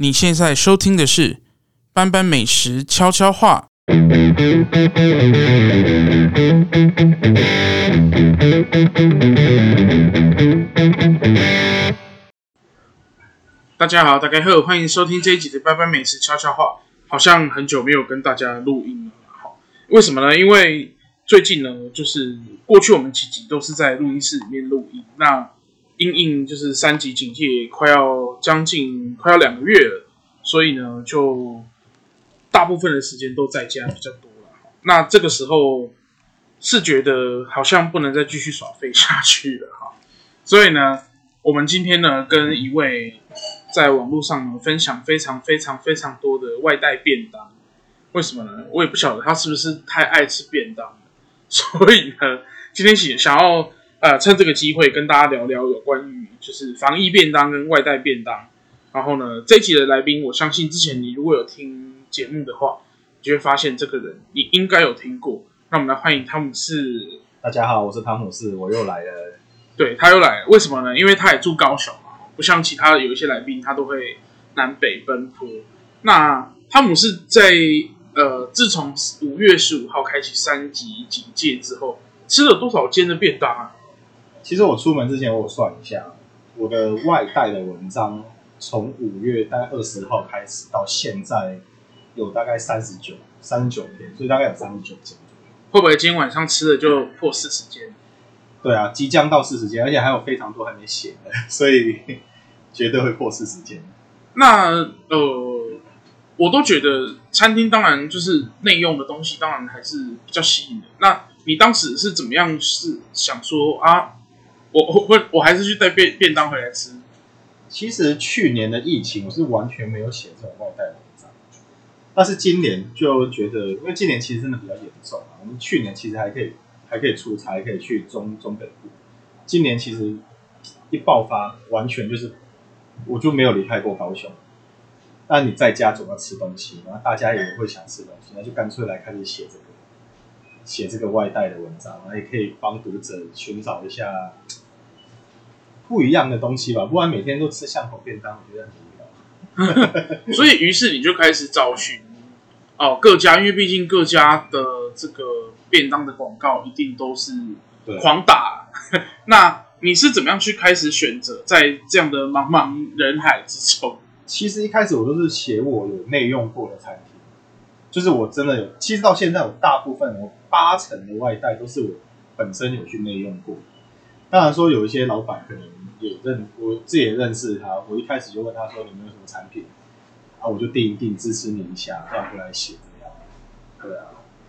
你現在收聽的是《班班美食悄悄話》。大家好，大家好，歡迎收聽這一集的《班班美食悄悄話》。好像很久沒有跟大家錄音了，好，為什麼呢？因為最近呢，就是過去我們幾集都是在錄音室裡面錄音，那。因應就是三級警戒快要將近快要兩個月了，所以呢，就大部分的時間都在家比較多了。那這個時候是覺得好像不能再繼續耍廢下去了哈，所以呢，我們今天呢跟一位在網絡上呢分享非常非常非常多的外帶便當，為什麼呢？我也不曉得他是不是太愛吃便當了，所以呢，今天想想要。呃，趁這個機會跟大家聊聊有關於就是防疫便當跟外帶便當。然後呢，這一集的來賓，我相信之前你如果有聽節目的話，你就會發現這個人你應該有聽過。那我們來歡迎湯姆仕。大家好，我是湯姆仕，我又來了。對，他又來了，為什麼呢？因為他也住高雄嘛，不像其他的有一些來賓他都會南北奔波。那湯姆仕在呃，自從五月十五號開啟三級警戒之後，吃了多少間的便當啊？其實我出門之前，我有算一下，我的外帶的文章從五月大概二十號開始到現在，有大概三十九三十九天，所以大概有三十九間。會不會今天晚上吃的就破四十間，嗯？對啊，即將到四十間，而且還有非常多還沒寫的，所以絕對會破四十間。那呃，我都覺得餐廳當然就是內用的東西，當然還是比較吸引的。那你當時是怎麼樣？是想說啊？我我我還是去帶便便當回來吃。其實去年的疫情，我是完全沒有寫這種外帶的文章。但是今年就覺得，因為今年其實真的比較嚴重。我們去年其實還可以還可以出差，還可以去中中北部。今年其實一爆發，完全就是我就沒有離開過高雄。那你在家總要吃東西，然後大家也會想吃東西，那就乾脆來開始寫這個寫這個外帶的文章，然後也可以幫讀者尋找一下。不一樣的東西吧，不然每天都吃巷口便當，我覺得很無聊。 所以，於是你就開始找尋哦各家，因為畢竟各家的這個便當的廣告一定都是狂打。對 那你是怎麼樣去開始選擇在這樣的茫茫人海之中？其實一開始我都是寫我有內用過的產品。就是我真的有，其實到現在我大部分我八成的外帶都是我本身有去內用過的。當然說有一些老闆可能也認，我自己也認識他。我一開始就問他說：“你沒有什麼產品？”然後我就訂一訂支持你一下，這樣來寫，對啊，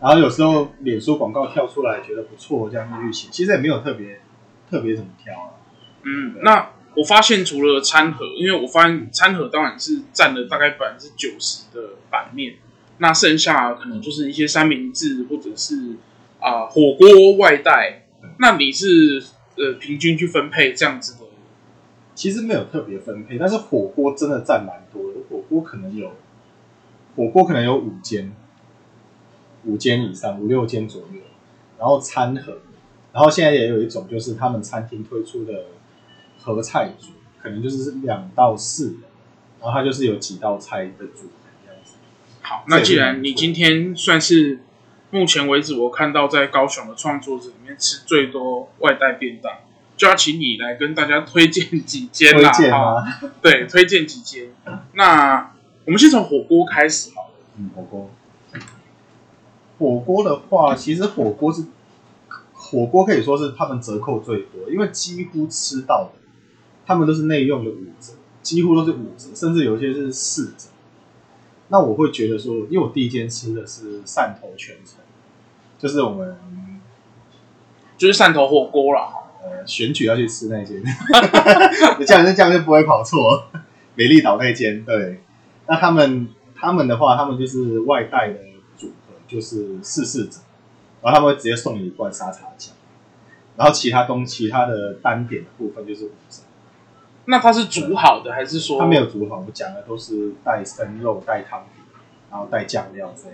然後有時候臉書廣告跳出來，覺得不錯，這樣去寫，其實也沒有特別特別怎麼挑啊。啊嗯，那我發現除了餐盒，因為我發現餐盒當然是占了大概百分之九十的版面，那剩下可能就是一些三明治或者是啊、呃、火鍋外帶，對那你是呃，平均去分配這樣子的，其實沒有特別分配，但是火鍋真的占蠻多的，火鍋可能有火鍋可能有五間，五間以上五六間左右，然後餐盒，然後現在也有一種就是他們餐廳推出的合菜組，可能就是兩到四人，然後它就是有幾道菜的組這樣子。好，那既然你今天算是。目前為止，我看到在高雄的創作者裡面吃最多外帶便當，就要請你來跟大家推薦幾間啦。推，對，推薦幾間。嗯，那我們先從火鍋開始好了。嗯，火鍋。火鍋的話，其實火鍋是火鍋可以說是他們折扣最多，因為幾乎吃到的，他們都是內用的五折，幾乎都是五折，甚至有些是四折。那我會覺得說，因為我第一間吃的是汕頭全城。就是我們，就是汕頭火鍋啦。呃，選取要去吃那些，你這樣這樣就不會跑錯。美麗島那間，對。那他們他們的話，他們就是外帶的組合，就是四四折，然後他們會直接送你一罐沙茶醬，然後其他東西，其他的單點的部分就是五折。那它是煮好的，對還是說它沒有煮好？我們講的都是帶生肉、帶湯底，然後帶醬料這樣。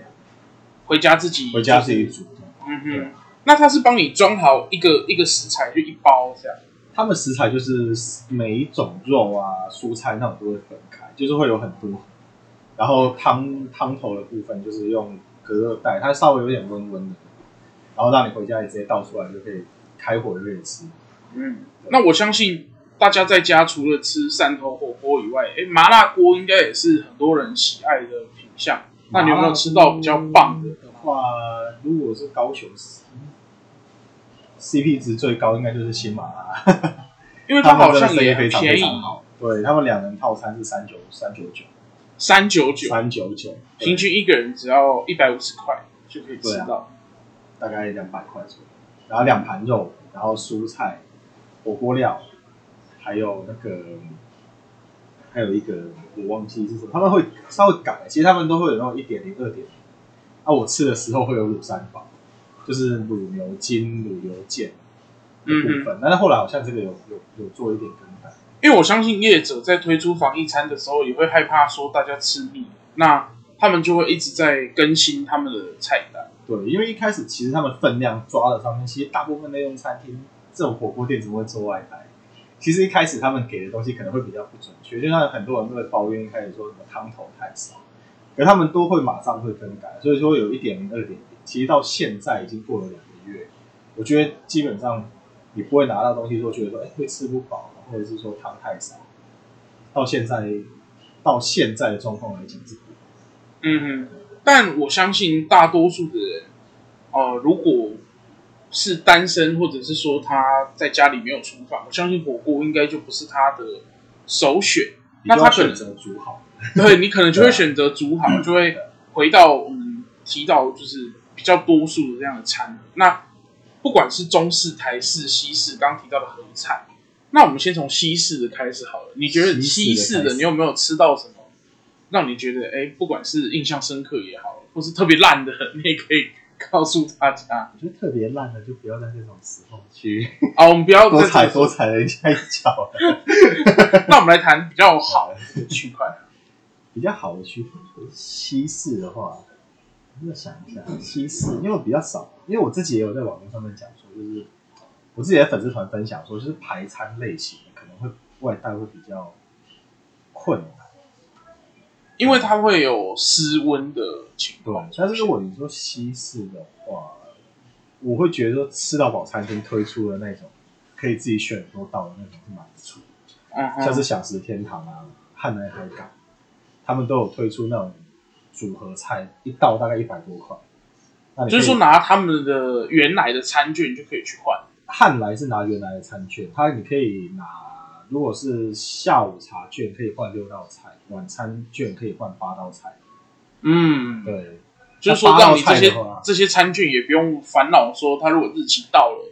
回家自己、就是、回家自己煮，嗯哼，嗯，那他是幫你裝好一個一個食材，就一包這樣。他們食材就是每一種肉啊、蔬菜那種都會分開，就是會有很多。然後湯湯頭的部分就是用隔熱袋，它稍微有點溫溫的，然後讓你回家也直接倒出來就可以開火熱吃。嗯，那我相信大家在家除了吃汕頭火鍋以外，哎、欸，麻辣鍋應該也是很多人喜愛的品項。那你有沒有吃到比較棒、啊嗯、的話？如果是高雄、嗯、CP 值最高應該就是新馬辣，呵呵因為它好像也便宜，對，他們兩人套餐是三九三九九，三九九三九九，平均一個人只要一百五十塊就可以吃到，啊，大概兩百塊左右，然後兩盤肉，然後蔬菜，火鍋料，還有那個。還有一個我忘記是什麼，他們會稍微改，其實他們都會有那種一點零、二點零。那我吃的時候會有滷三寶，就是滷牛筋、滷牛腱的部分。嗯嗯。但是後來好像這個有有有做一點更改。因為我相信業者在推出防疫餐的時候，也會害怕說大家吃膩，那他們就會一直在更新他們的菜單。對，因為一開始其實他們分量抓的上面，其實大部分那種餐廳這種火鍋店怎麼會做外帶？其實一開始他們給的東西可能會比較不準確，就像很多人都會抱怨開始說什麼湯頭太少，而他們都會馬上會更改，所以說有一點零二點零，其實到現在已經過了兩個月，我覺得基本上你不會拿到東西說覺得說哎會吃不飽，或者是說湯太少。到現在到現在的狀況來講，是嗯哼嗯，但我相信大多數的人哦、呃，如果。是單身，或者是說他在家裡沒有廚房，我相信火鍋應該就不是他的首選。方那他選擇煮好，嗯、對，你可能就會選擇煮好，嗯、就會回到我們提到就是比較多數的這樣的餐。嗯、那不管是中式、台式、西式，剛剛提到的合菜,那我們先從西式的開始好了。你覺得西式的你有沒有吃到什麼讓你覺得哎，不管是印象深刻也好，或是特別爛的，你也可以，告訴大家，我覺得特別爛的就不要在這種時候去。啊、哦，我們不要們多踩多踩人家一腳。 那我們來談比較好， 好的、這個、區塊，比較好的區塊，西式的話，我想一下西式，因為我比較少，因為我自己也有在網絡上面講說，就是我自己的粉絲團分享說，就是排餐類型的可能會外帶會比較困。因為它會有失溫的情況。但是如果你說西式的話，我會覺得吃到飽餐廳推出的那種可以自己選多道的那種是蠻不錯。嗯、哼像是小時天堂啊、漢來海港，他們都有推出那種組合菜，一道大概一百多塊。所以就是說拿他們的原來的餐券就可以去換。漢來是拿原來的餐券，他你可以拿。如果是下午茶券可以換六道菜，晚餐券可以換八道菜。嗯，對，就是說到你這些這些餐券也不用煩惱，說他如果日期到了，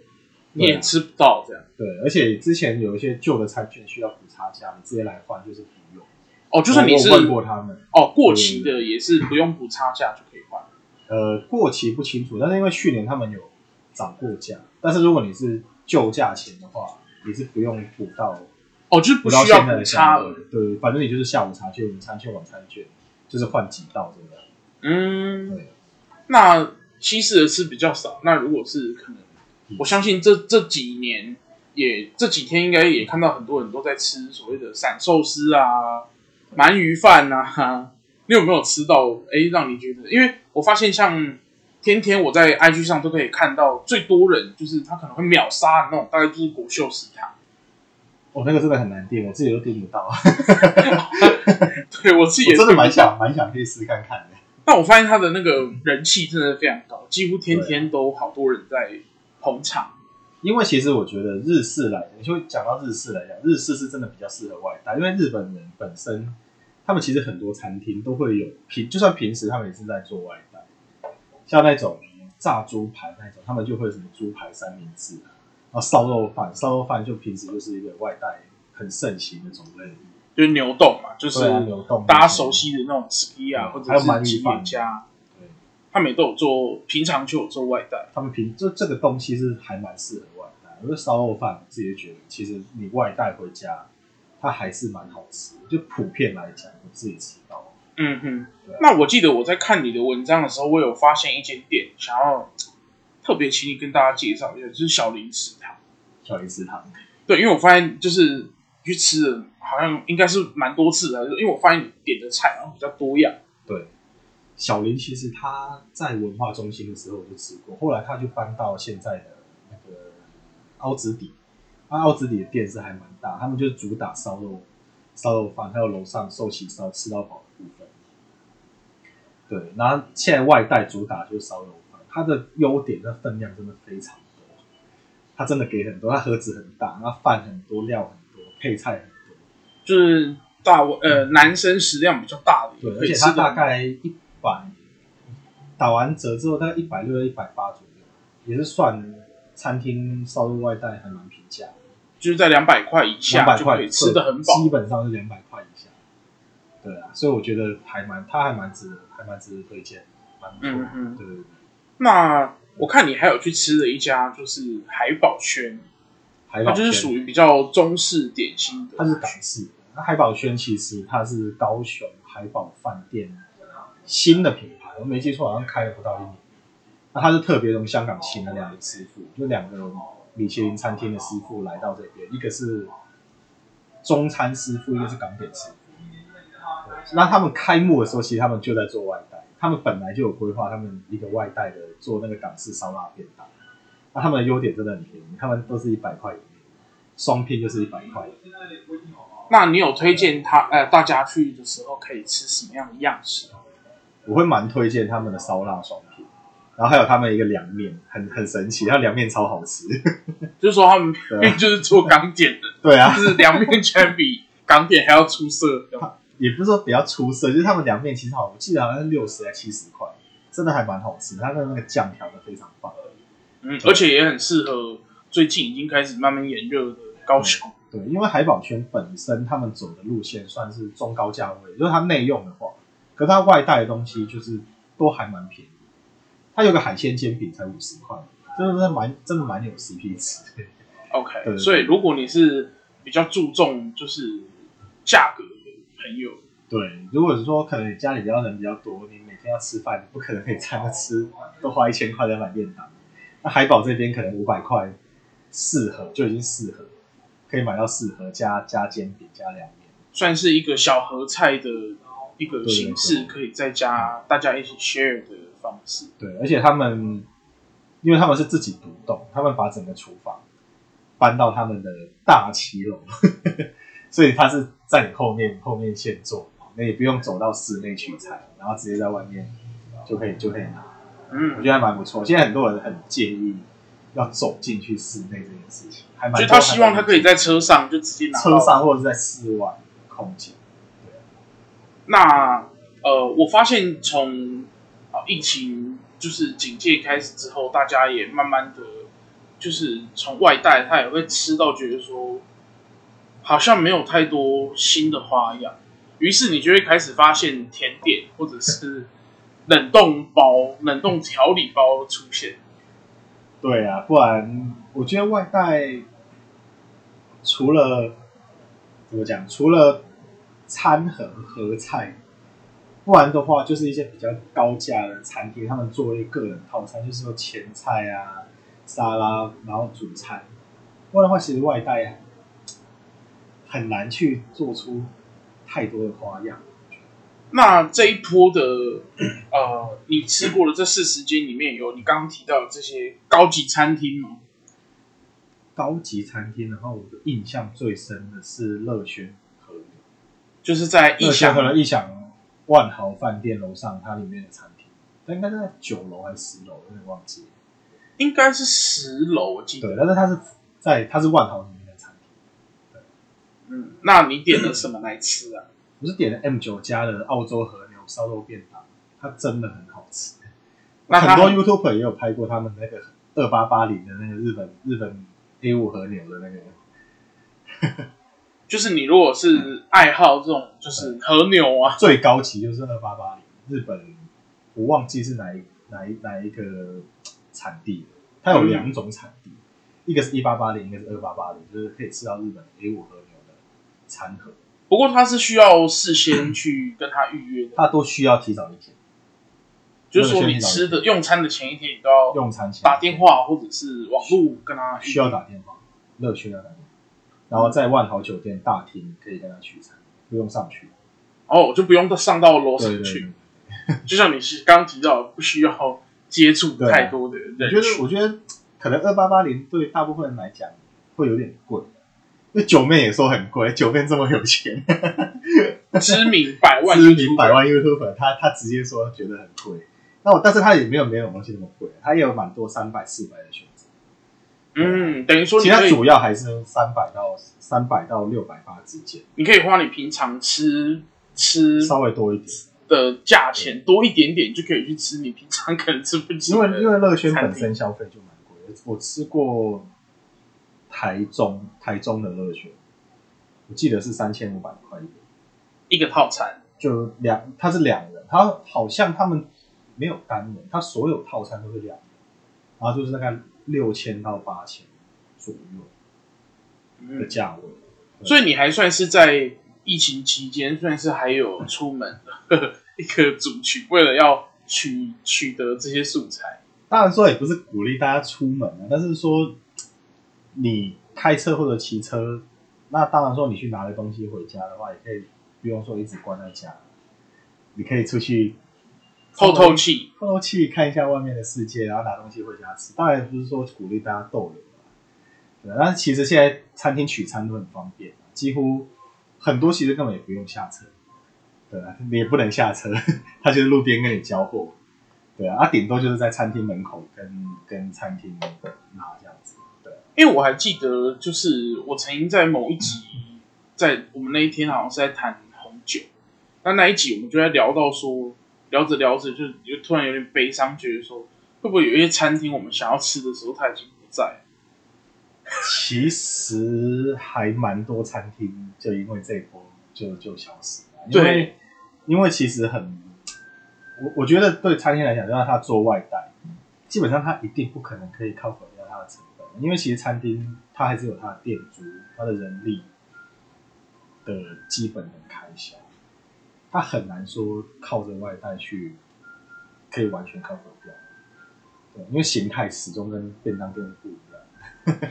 對你也吃不到這樣。對，而且之前有一些舊的餐券需要補差價，你直接來換就是不用。哦，就是你是問過他們哦，過期的也是不用補差價就可以換。呃，過期不清楚，但是因為去年他們有漲過價，但是如果你是舊價錢的話，也是不用補到。哦，就是不需要補差額，對，反正你就是下午茶券、午餐券、晚餐券，就是換幾道這樣。嗯，對那西式的吃比較少。那如果是可能，嗯、我相信這這幾年也這幾天應該也看到很多人都在吃所謂的散壽司啊、鰻對魚飯啊。你有沒有吃到？哎、欸，讓你覺得？因為我發現像天天我在 IG 上都可以看到最多人，就是他可能會秒殺的那種，大概就是國秀食堂。我、哦、那個真的很難訂，我自己都訂不到。 對，我自己真的蠻想蠻想可以試看看的。但我發現他的那個人氣真的非常高，幾乎天天都好多人在捧場。啊、因為其實我覺得日式來，你就講到日式來講，日式是真的比較適合外帶，因為日本人本身，他們其實很多餐廳都會有平，就算平時他們也是在做外帶，像那種炸豬排那種，他們就會什麼豬排三明治、啊啊，燒、哦、肉飯，燒肉飯就平時就是一個外帶很盛行的種類的，就是牛丼嘛，就是、啊、大家熟悉的那種 Sukiya 啊，嗯、或者是吉野家，他們都有做，平常就有做外帶。他們平這這個東西是還蠻適合外帶，因為燒肉飯我自己覺得其實你外帶回家，它還是蠻好吃。就普遍來講，我自己吃到，嗯哼，對那我記得我在看你的文章的時候，我有發現一間店，想要。特別請你跟大家介紹一下，就是小林食堂。小林食堂，對，因為我發現就是去吃的好像應該是蠻多次的，因為我發現點的菜好像啊比較多樣。對，小林其實他在文化中心的時候就吃過，後來他就搬到現在的那個凹子底。那、啊、凹子底的店是還蠻大，他們就是主打燒肉、燒肉飯，還有樓上壽喜燒吃到飽的部分。對，然後現在外帶主打就是燒肉飯。它的優點的分量真的非常多，它真的給很多，它盒子很大，它飯很多，料很多，配菜很多，就是大呃男生食量比較大的。對，而且它大概一百，打完折之後大概一百六到一百八左右，也是算餐廳燒肉外帶還蠻平價，就是在兩百塊以下就可以吃的很飽，基本上是兩百塊以下。對啊，所以我覺得還蠻它還蠻值得還蠻值得推薦，蠻不錯，對對、嗯嗯、對。那我看你還有去吃了一家，就是海寶軒，海寶軒它就是屬於比較中式點心的。它是港式的，那海寶軒其實它是高雄海寶飯店新的品牌，我沒記錯好像開了不到一年。那他是特別從香港請了兩個師傅，就兩個米其林餐廳的師傅來到這邊，一個是中餐師傅，一個是港點師傅。傅。那他們開幕的時候，其實他們就在做外。他們本來就有規劃，他們一個外帶的做那個港式燒臘便當。那、啊、他們的優點真的很便宜，他們都是一百塊，雙拼就是一百塊。那你有推薦他？嗯、大家去的時候可以吃什麼樣的樣式？我會蠻推薦他們的燒臘雙拼，然後還有他們一個涼麵，很很神奇，他涼面超好吃。 就是說他們邊邊就是做港點的，對啊，就是涼面全比港點還要出色。 也不是說比較出色，就是他們涼面其實好，我記得好像是六十還七十塊，真的還蠻好吃。他的那個醬調的非常棒，嗯，對而且也很適合最近已經開始慢慢炎熱的高雄、嗯。對，因為海寶圈本身他們走的路線算是中高價位，就是它內用的話，可是它外帶的東西就是都還蠻便宜。它有個海鮮煎餅才五十塊，真的是蠻真的蠻有 CP 值。OK，對對對，所以如果你是比較注重就是價格。嗯朋友，對，如果是說可能家裡比較人比較多，你每天要吃飯，你不可能可以餐餐吃，哦、都花一千塊在買便當。那海寶這邊可能五百塊四盒就已經四盒，可以買到四盒加加煎餅加涼麵，算是一個小合菜的一個形式，對對對，可以再加、啊、大家一起 share 的方式。對，而且他們因為他們是自己獨棟，他們把整個廚房搬到他們的大騎樓。 所以他是在你後面後面現做，你也不用走到室內取材，然後直接在外面就可以就可以拿。嗯，我覺得還蠻不錯。現在很多人很介意要走進去室內這件事情，還蠻。所以他希望他可以在車上就直接拿。車上或者是在室外空間。對，那呃，我發現從、啊、疫情就是警戒開始之後，大家也慢慢的就是從外帶他也會吃到覺得說。好像沒有太多新的花樣，於是你就會開始發現甜點或者是冷凍包、冷凍調理包出現。嗯、對啊，不然我覺得外帶除了怎麼講，除了餐盒和合菜，不然的話就是一些比較高價的餐廳，他們做一個人套餐，就是說前菜啊、沙拉，然後主餐。不然的話，其實外帶啊。很難去做出太多的花樣。那這一波的， 呃，你吃過的這四十間裡面有你剛剛提到的這些高級餐廳嗎？高級餐廳的話，我的印象最深的是樂軒和。就是在義享，可能義享萬豪飯店樓上，它裡面的餐廳，它應該是在九樓還是十樓，有點忘記，應該是十樓。我記得。對，但是它是在，它是萬豪裡面。嗯，那你點了什麼來吃啊？ 我是點了 M 九加的澳洲和牛燒肉便當，它真的很好吃。那很多 YouTuber 也有拍過他們那個二八八零的那個日本日本 A 五和牛的那個。 就是你如果是愛好這種，就是和牛啊，嗯、最高級就是二八八零，日本，我忘記是哪一哪一哪一個產地的，它有兩種產地，嗯、一個是一八八零，一個是二八八零，就是可以吃到日本 A 五和牛。餐盒，不過他是需要事先去跟他預約的， 他都需要提早一天，天就是說你吃的用餐的前一天，你都要用餐前打電話或者是網路跟他需要打電話，樂趣要打電話、嗯、然後在萬豪酒店大廳可以跟他取餐，不用上去哦，就不用上到樓上去，就像你是剛提到不需要接觸太多的人，啊我覺得，我覺得可能二八八零對大部分人來講會有點貴。那九妹也說很貴，九妹這麼有錢， 知名百萬 知名百萬 YouTuber，他他直接說覺得很貴。那我但是他也沒有沒有東西那麼貴，他也有蠻多三百四百的選擇。嗯，等於說，其他主要還是三百到三百到六百八之間，你可以花你平常吃吃稍微多一點的價錢對多一點點，就可以去吃你平常可能吃不起因。因為因為樂軒本身消費就蠻貴，我吃過。台中，台中的樂趣，我記得是三千五百塊一個套餐，就兩，他是兩人，他好像他們沒有單人，他所有套餐都是兩人，然後就是大概六千到八千左右的價位，嗯、對所以你還算是在疫情期間算是還有出門的一個主題， 為了要取取得這些素材，當然說也不是鼓勵大家出門啊，但是說。你開車或者騎車，那當然說你去拿了東西回家的話，也可以不用說一直關在家，你可以出去透透，透透氣，透透氣看一下外面的世界，然後拿東西回家吃。當然不是說鼓勵大家逗留，對啊。但是其實現在餐廳取餐都很方便，幾乎很多其實根本也不用下車，對啊，你也不能下車，呵呵，他就在路邊跟你交貨，對啊，他、啊頂多就是在餐廳門口跟跟餐廳拿、啊這樣。因為我還記得，就是我曾經在某一集，在我們那一天好像是在談紅酒。嗯、那那一集我們就在聊到說，聊着聊着就就突然有點悲傷，覺得說會不會有一些餐廳我們想要吃的時候，他已經不在。其實還蠻多餐廳就因為這一波就就消失了，對因為因為其實很，我我覺得對餐廳來講，讓他做外帶，基本上他一定不可能可以靠譜掉他的成本。因為其實餐廳它還是有它的店租、它的人力的基本的開銷，它很難說靠着外帶去可以完全 cover 掉，因為形態始終跟便當店不一樣。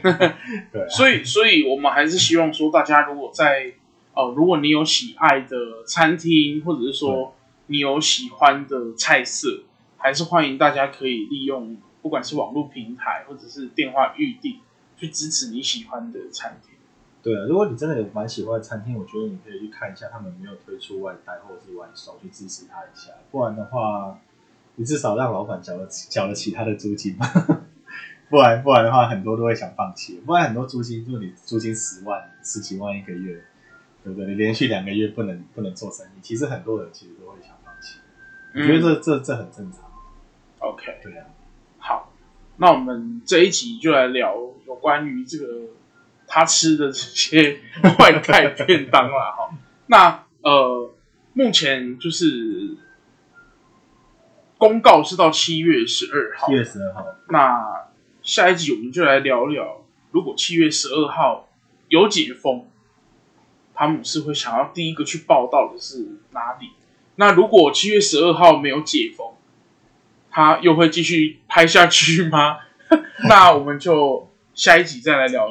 呵呵對、啊，所以所以我們還是希望說，大家如果在哦、呃，如果你有喜愛的餐廳，或者是說你有喜歡的菜式，對還是歡迎大家可以利用。不管是網絡平台，或者是電話預訂，去支持你喜歡的餐廳。對啊，如果你真的有蠻喜歡的餐廳，我覺得你可以去看一下，他們有沒有推出外帶或者是外送，去支持他一下。不然的話，你至少讓老闆繳了繳了其他的租金吧。 不然不然的話，很多都會想放棄。不然很多租金，就你租金十萬、十幾萬一個月，對不對？你連續兩個月不能不能做生意，其實很多人其實都會想放棄。嗯，我覺得這這這很正常。OK，對啊。那我們這一集就來聊有關於這個他吃的這些外帶便當了哈。那呃，目前就是公告是到七月十二號，7月12號。那下一集我們就來聊聊，如果七月十二號有解封，湯姆仕會想要第一個去報道的是哪裡？那如果七月十二號沒有解封？他、啊、又會繼續拍下去嗎？ 那我們就下一集再來聊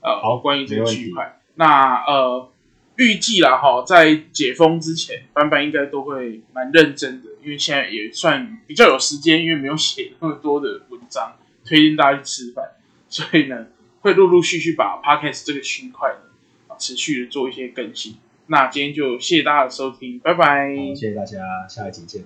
呃，好關於這個區塊。那呃，預計啦哈，在解封之前，班班應該都會蠻認真的，因為現在也算比較有時間，因為沒有寫那麼多的文章，推薦大家去吃飯，所以呢，會陸陸續續把 Podcast 這個區塊持續的做一些更新。那今天就謝謝大家的收聽，拜拜，嗯、謝謝大家，下一集見。